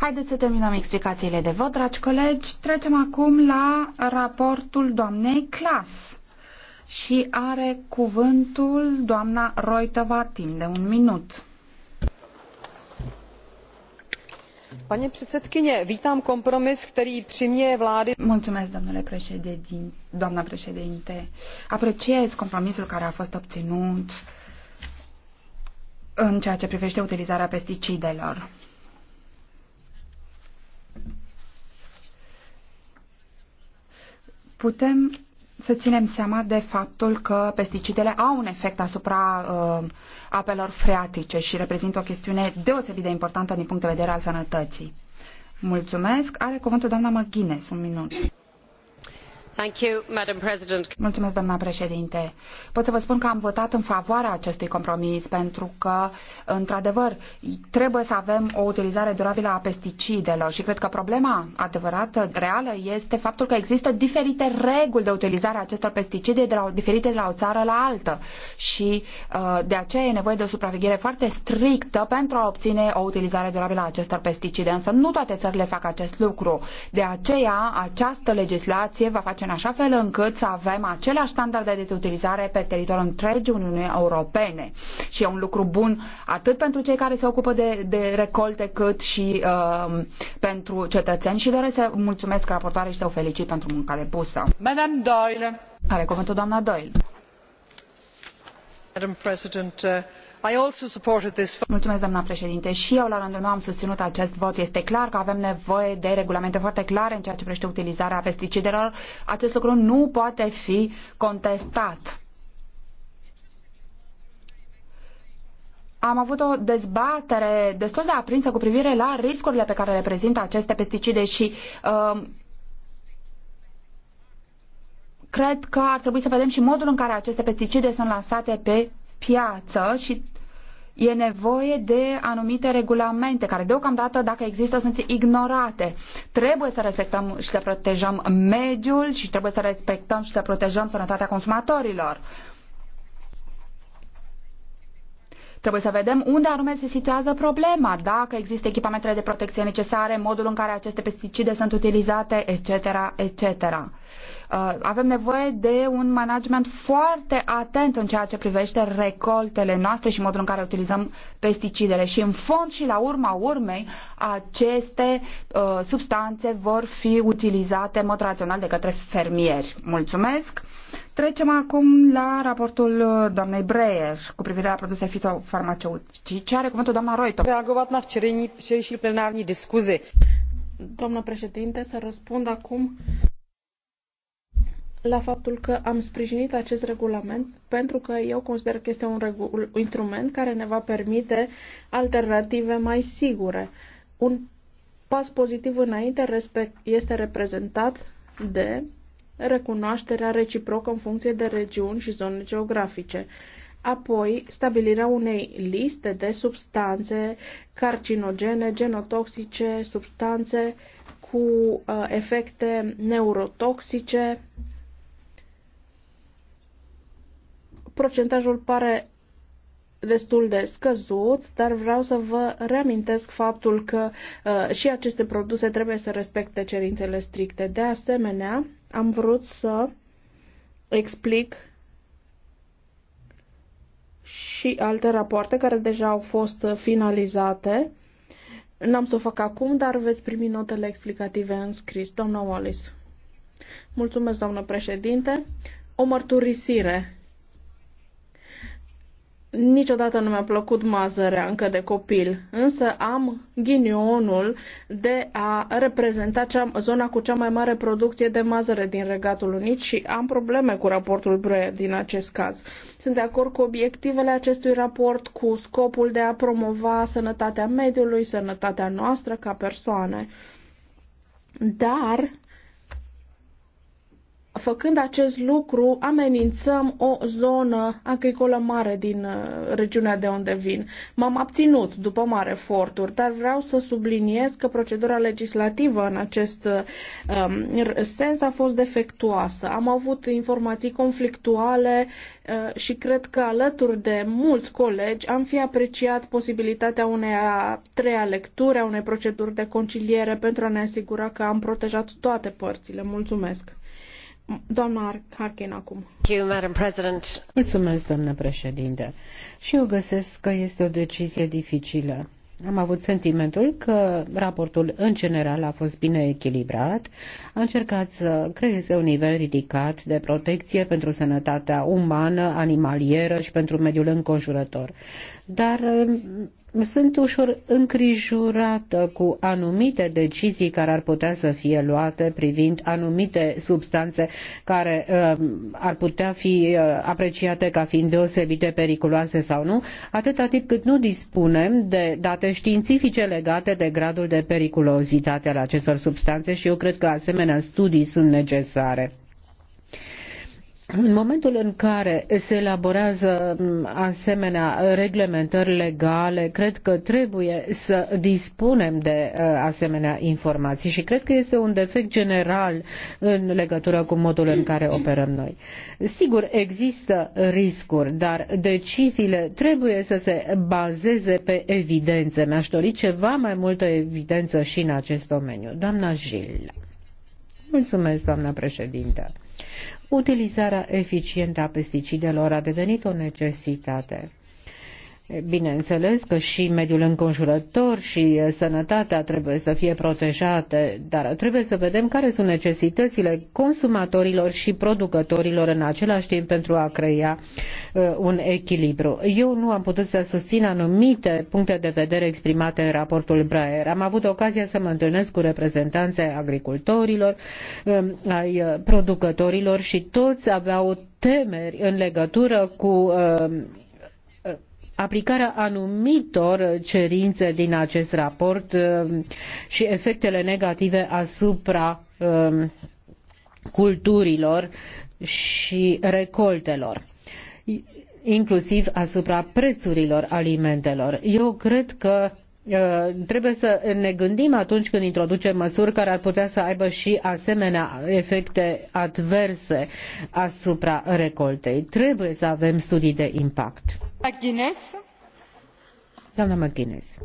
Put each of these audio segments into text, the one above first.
Haideți să terminăm explicațiile de vot, dragi colegi. Trecem acum la raportul doamnei Clas. Și are cuvântul doamna Roitova timp de un minut. Paní předsedkyně, vítám kompromis, který přiměje vlády... Mulțumesc, domnule președinte, doamna președinte. Apreciez compromisul care a fost obținut în ceea ce privește utilizarea pesticidelor putem să ținem seama de faptul că pesticidele au un efect asupra uh, apelor freatice și reprezintă o chestiune deosebit de importantă din punct de vedere al sănătății. Mulțumesc. Are cuvântul doamna McGuinness. Un minut. Mulțumesc, președinte. Pot să vă spun că am votat în favoarea acestui compromis pentru că, într-adevăr, trebuie să avem o utilizare durabilă a pesticidelor și cred că problema adevărată, reală, este faptul că există diferite reguli de utilizare a acestor pesticide de la, diferite de la o țară la altă și uh, de aceea e nevoie de o supraveghere foarte strictă pentru a obține o utilizare durabilă a acestor pesticide. Însă nu toate țările fac acest lucru. De aceea această legislație va face în așa fel încât să avem aceleași standarde de utilizare pe teritoriul întregii Uniunii Europene. Și e un lucru bun atât pentru cei care se ocupă de, de recolte, cât și uh, pentru cetățeni. Și doresc să mulțumesc raportoare și să o felicit pentru munca depusă. Madame Doyle. Are cuvântul doamna Doyle. Madam President, uh doamnă președinte și eu la rândul meu am susținut acest vot. Este clar că avem nevoie de regulamente foarte clare în ceea ce privește utilizarea pesticidelor. Acest lucru nu poate fi contestat. Am avut o dezbatere destul de aprinsă cu privire la riscurile pe care le prezintă aceste pesticide și um, cred că ar trebui să vedem și modul în care aceste pesticide sunt lansate pe piață și e nevoie de anumite regulamente care deocamdată, dacă există, sunt ignorate. Trebuie să respectăm și să protejăm mediul și trebuie să respectăm și să protejăm sănătatea consumatorilor. Trebuie să vedem unde anume se situează problema, dacă există echipamentele de protecție necesare, modul în care aceste pesticide sunt utilizate, etc., etc. Uh, avem nevoie de un management foarte atent în ceea ce privește recoltele noastre și modul în care utilizăm pesticidele. Și în fond și la urma urmei, aceste uh, substanțe vor fi utilizate în mod rațional de către fermieri. Mulțumesc! Trecem acum la raportul uh, doamnei Breyer cu privire la produse fitofarmaceutice. Are cuvântul doamna Roito. Reagovat la și plenární discuze. Doamnă președinte, să răspund acum la faptul că am sprijinit acest regulament pentru că eu consider că este un instrument care ne va permite alternative mai sigure. Un pas pozitiv înainte este reprezentat de recunoașterea reciprocă în funcție de regiuni și zone geografice. Apoi, stabilirea unei liste de substanțe carcinogene, genotoxice, substanțe cu uh, efecte neurotoxice, Procentajul pare destul de scăzut, dar vreau să vă reamintesc faptul că uh, și aceste produse trebuie să respecte cerințele stricte. De asemenea, am vrut să explic și alte rapoarte care deja au fost finalizate. N-am să o fac acum, dar veți primi notele explicative în scris. Doamna Wallis. Mulțumesc, doamnă președinte. O mărturisire Niciodată nu mi-a plăcut mazărea încă de copil, însă am ghinionul de a reprezenta cea, zona cu cea mai mare producție de mazăre din Regatul Unit și am probleme cu raportul Breuer din acest caz. Sunt de acord cu obiectivele acestui raport, cu scopul de a promova sănătatea mediului, sănătatea noastră ca persoane. Dar Făcând acest lucru, amenințăm o zonă agricolă mare din uh, regiunea de unde vin. M-am abținut după mare eforturi, dar vreau să subliniez că procedura legislativă în acest uh, um, sens a fost defectuoasă. Am avut informații conflictuale uh, și cred că alături de mulți colegi am fi apreciat posibilitatea unei a treia lecturi, a unei proceduri de conciliere pentru a ne asigura că am protejat toate părțile. Mulțumesc! Mulțumesc, doamnă președinte. Și eu găsesc că este o decizie dificilă. Am avut sentimentul că raportul în general a fost bine echilibrat, a încercat să creeze un nivel ridicat de protecție pentru sănătatea umană, animalieră și pentru mediul înconjurător. Dar sunt ușor îngrijorată cu anumite decizii care ar putea să fie luate privind anumite substanțe care uh, ar putea fi uh, apreciate ca fiind deosebite periculoase sau nu, atâta timp cât nu dispunem de date științifice legate de gradul de periculozitate al acestor substanțe și eu cred că asemenea studii sunt necesare. În momentul în care se elaborează mm, asemenea reglementări legale, cred că trebuie să dispunem de uh, asemenea informații și cred că este un defect general în legătură cu modul în care operăm noi. Sigur, există riscuri, dar deciziile trebuie să se bazeze pe evidențe. Mi-aș dori ceva mai multă evidență și în acest domeniu. Doamna Gil. Mulțumesc, doamna președintă utilizarea eficientă a pesticidelor a devenit o necesitate. Bineînțeles că și mediul înconjurător și sănătatea trebuie să fie protejate, dar trebuie să vedem care sunt necesitățile consumatorilor și producătorilor în același timp pentru a crea un echilibru. Eu nu am putut să susțin anumite puncte de vedere exprimate în raportul Braer. Am avut ocazia să mă întâlnesc cu reprezentanții agricultorilor, ai producătorilor și toți aveau temeri în legătură cu aplicarea anumitor cerințe din acest raport uh, și efectele negative asupra um, culturilor și recoltelor inclusiv asupra prețurilor alimentelor. Eu cred că Uh, trebuie să ne gândim atunci când introducem măsuri care ar putea să aibă și asemenea efecte adverse asupra recoltei. Trebuie să avem studii de impact. McGuinness. Doamna McGuinness.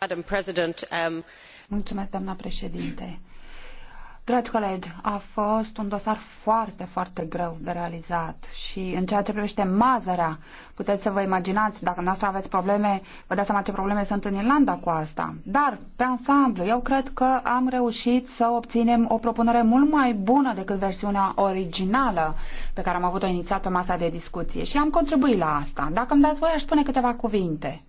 Madam President, um... Mulțumesc, doamna președinte. Dragi colegi, a fost un dosar foarte, foarte greu de realizat și în ceea ce privește mazărea, puteți să vă imaginați, dacă noastră aveți probleme, vă dați seama ce probleme sunt în Irlanda cu asta. Dar, pe ansamblu, eu cred că am reușit să obținem o propunere mult mai bună decât versiunea originală pe care am avut-o inițial pe masa de discuție și am contribuit la asta. Dacă îmi dați voi, aș spune câteva cuvinte.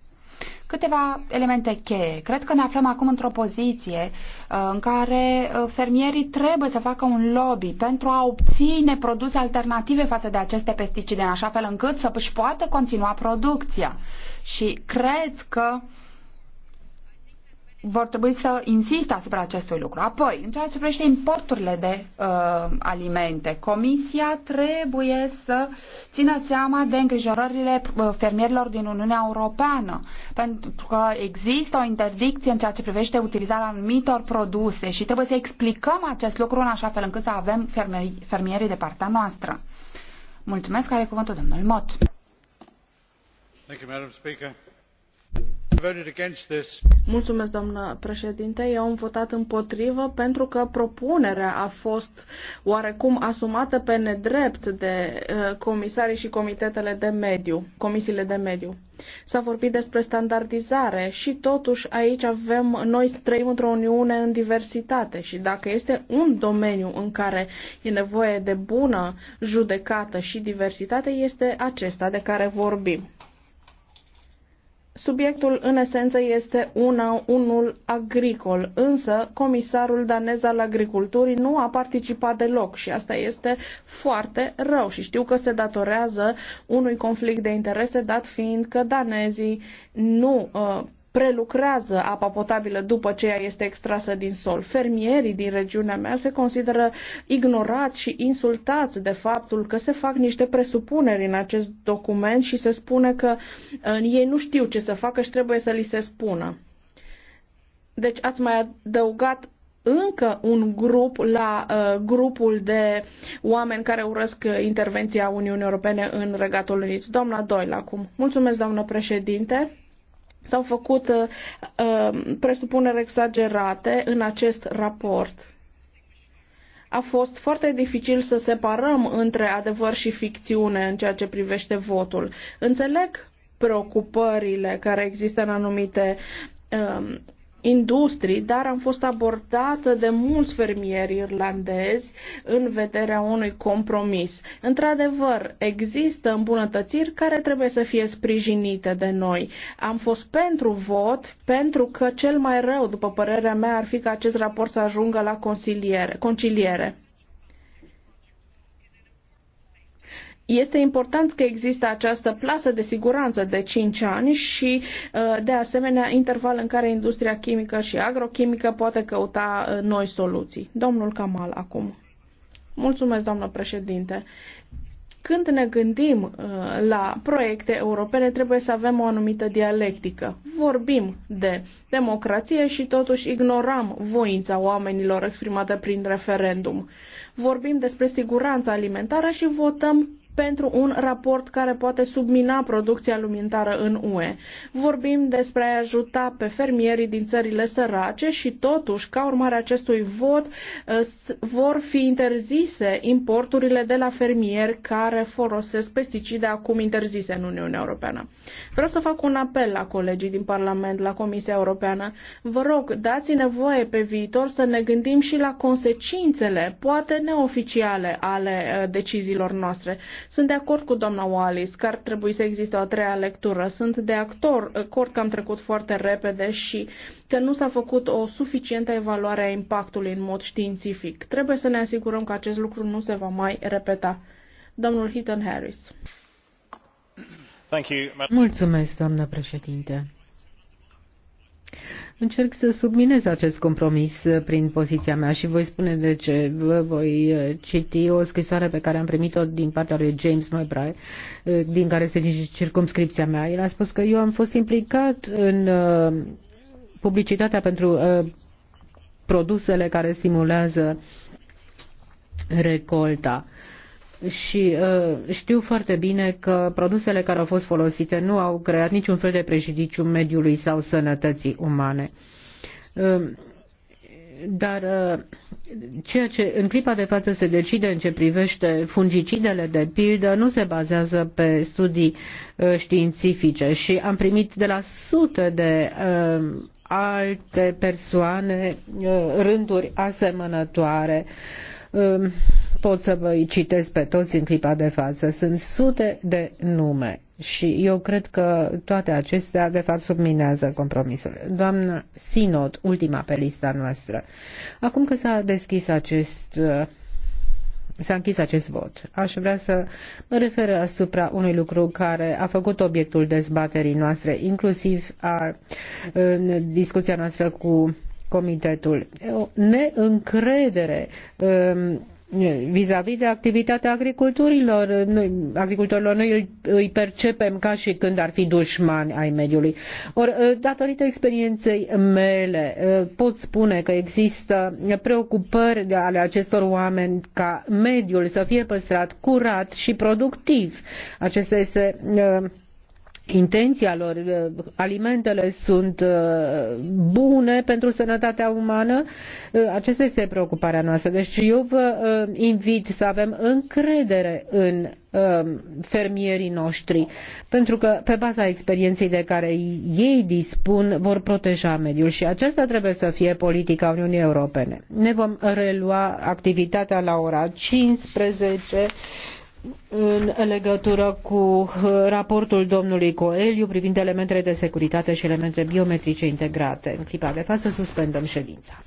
Câteva elemente cheie. Cred că ne aflăm acum într-o poziție uh, în care uh, fermierii trebuie să facă un lobby pentru a obține produse alternative față de aceste pesticide, în așa fel încât să își poată continua producția. Și cred că uh, vor trebui să insiste asupra acestui lucru. Apoi, în ceea ce privește importurile de uh, alimente, Comisia trebuie să țină seama de îngrijorările uh, fermierilor din Uniunea Europeană, pentru că există o interdicție în ceea ce privește utilizarea anumitor produse și trebuie să explicăm acest lucru în așa fel încât să avem fermierii, fermierii de partea noastră. Mulțumesc, are cuvântul domnul Mot. Thank you, Madam Speaker. Mulțumesc, doamnă președinte. Eu am votat împotrivă pentru că propunerea a fost oarecum asumată pe nedrept de uh, comisarii și comitetele de mediu, comisiile de mediu. S-a vorbit despre standardizare și totuși aici avem, noi trăim într-o uniune în diversitate și dacă este un domeniu în care e nevoie de bună judecată și diversitate, este acesta de care vorbim. Subiectul, în esență, este una, unul agricol, însă comisarul danez al agriculturii nu a participat deloc și asta este foarte rău și știu că se datorează unui conflict de interese, dat fiind că danezii nu uh, prelucrează apa potabilă după ce ea este extrasă din sol. Fermierii din regiunea mea se consideră ignorați și insultați de faptul că se fac niște presupuneri în acest document și se spune că ei nu știu ce să facă și trebuie să li se spună. Deci ați mai adăugat încă un grup la uh, grupul de oameni care urăsc intervenția Uniunii Europene în Regatul Unit. Doamna doi, acum. Mulțumesc, doamnă președinte. S-au făcut uh, uh, presupuneri exagerate în acest raport. A fost foarte dificil să separăm între adevăr și ficțiune în ceea ce privește votul. Înțeleg preocupările care există în anumite um, industrii, dar am fost abordată de mulți fermieri irlandezi în vederea unui compromis. Într-adevăr, există îmbunătățiri care trebuie să fie sprijinite de noi. Am fost pentru vot, pentru că cel mai rău, după părerea mea, ar fi ca acest raport să ajungă la conciliere. conciliere. Este important că există această plasă de siguranță de 5 ani și, uh, de asemenea, interval în care industria chimică și agrochimică poate căuta uh, noi soluții. Domnul Kamal, acum. Mulțumesc, doamnă președinte când ne gândim uh, la proiecte europene, trebuie să avem o anumită dialectică. Vorbim de democrație și totuși ignorăm voința oamenilor exprimată prin referendum. Vorbim despre siguranța alimentară și votăm pentru un raport care poate submina producția alimentară în UE. Vorbim despre a ajuta pe fermierii din țările sărace și totuși, ca urmare acestui vot, eh, vor fi interzise importurile de la fermieri care folosesc pesticide acum interzise în Uniunea Europeană. Vreau să fac un apel la colegii din Parlament, la Comisia Europeană. Vă rog, dați-ne voie pe viitor să ne gândim și la consecințele, poate neoficiale, ale eh, deciziilor noastre sunt de acord cu doamna Wallis că ar trebui să existe o a treia lectură. Sunt de actor, acord că am trecut foarte repede și că nu s-a făcut o suficientă evaluare a impactului în mod științific. Trebuie să ne asigurăm că acest lucru nu se va mai repeta. Domnul Heaton Harris. Mulțumesc, doamnă președinte. Încerc să subminez acest compromis uh, prin poziția mea și voi spune de ce. Vă voi uh, citi o scrisoare pe care am primit-o din partea lui James McBride, uh, din care este circumscripția mea. El a spus că eu am fost implicat în publicitatea pentru produsele care stimulează recolta și uh, știu foarte bine că produsele care au fost folosite nu au creat niciun fel de prejudiciu mediului sau sănătății umane uh, dar uh, ceea ce în clipa de față se decide în ce privește fungicidele de pildă nu se bazează pe studii științifice și am primit de la sute de alte persoane rânduri asemănătoare uh, pot să vă citesc pe toți în clipa de față. Sunt sute de nume și eu cred că toate acestea, de fapt, subminează compromisul. Doamna Sinod, ultima pe lista noastră. Acum că s-a deschis acest uh, S-a închis acest vot. Aș vrea să mă refer asupra unui lucru care a făcut obiectul dezbaterii noastre, inclusiv a, în discuția noastră cu comitetul. O neîncredere um, vis-a-vis -vis de activitatea agriculturilor. Noi, agricultorilor, noi îi percepem ca și când ar fi dușmani ai mediului. Or, uh, datorită experienței mele, uh, pot spune că există preocupări ale acestor oameni ca mediul să fie păstrat curat și productiv. Acesta este uh, intenția lor, uh, alimentele sunt uh, bune pentru sănătatea umană, uh, Aceasta este preocuparea noastră. Deci eu vă invit să avem încredere în um, fermierii noștri, pentru că pe baza experienței de care ei dispun vor proteja mediul și aceasta trebuie să fie politica Uniunii Europene. Ne vom relua activitatea la ora 15 în legătură cu raportul domnului Coeliu privind elementele de securitate și elementele biometrice integrate. În clipa de față suspendăm ședința.